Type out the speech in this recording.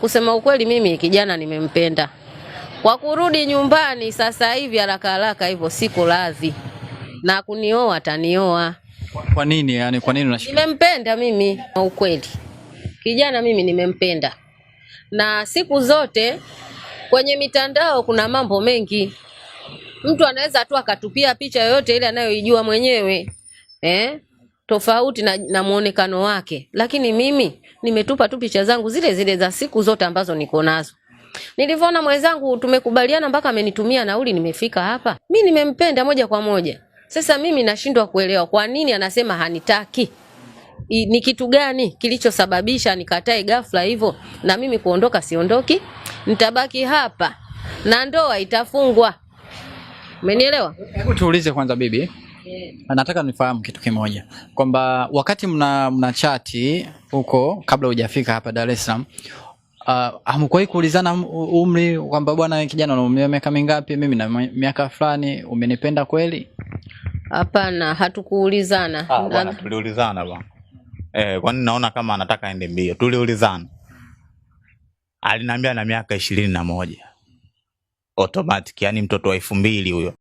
Kusema ukweli, mimi kijana nimempenda. Kwa kurudi nyumbani sasa hivi haraka haraka hivyo siko radhi, na kunioa atanioa. Kwa nini? Yani kwa nini unashika? Nimempenda mimi kwa ukweli, kijana mimi nimempenda, na siku zote kwenye mitandao kuna mambo mengi, mtu anaweza tu akatupia picha yoyote ile anayoijua mwenyewe eh? tofauti na, na muonekano wake, lakini mimi nimetupa tu picha zangu zile zile za siku zote ambazo niko nazo. Nilivyoona mwenzangu tumekubaliana mpaka amenitumia nauli, nimefika hapa, mi nimempenda moja kwa moja. Sasa mimi nashindwa kuelewa kwa nini anasema hanitaki. I, Ni kitu gani kilichosababisha nikatae ghafla hivyo? Na mimi kuondoka, siondoki, nitabaki hapa na ndoa itafungwa. Umenielewa? Hebu tuulize kwanza bibi Nataka nifahamu kitu kimoja kwamba wakati mna, mna chati huko kabla hujafika hapa Dar es Salaam uh, hamkuwahi kuulizana um, umri kwamba bwana, kijana una miaka mingapi? Mimi na miaka fulani, umenipenda kweli? Hapana, hatukuulizana. Ah, bwana, tuliulizana bwana. Eh, kwani naona kama anataka aende mbio. Tuliulizana, aliniambia na miaka ishirini na moja automatic, yani mtoto wa elfu mbili huyo.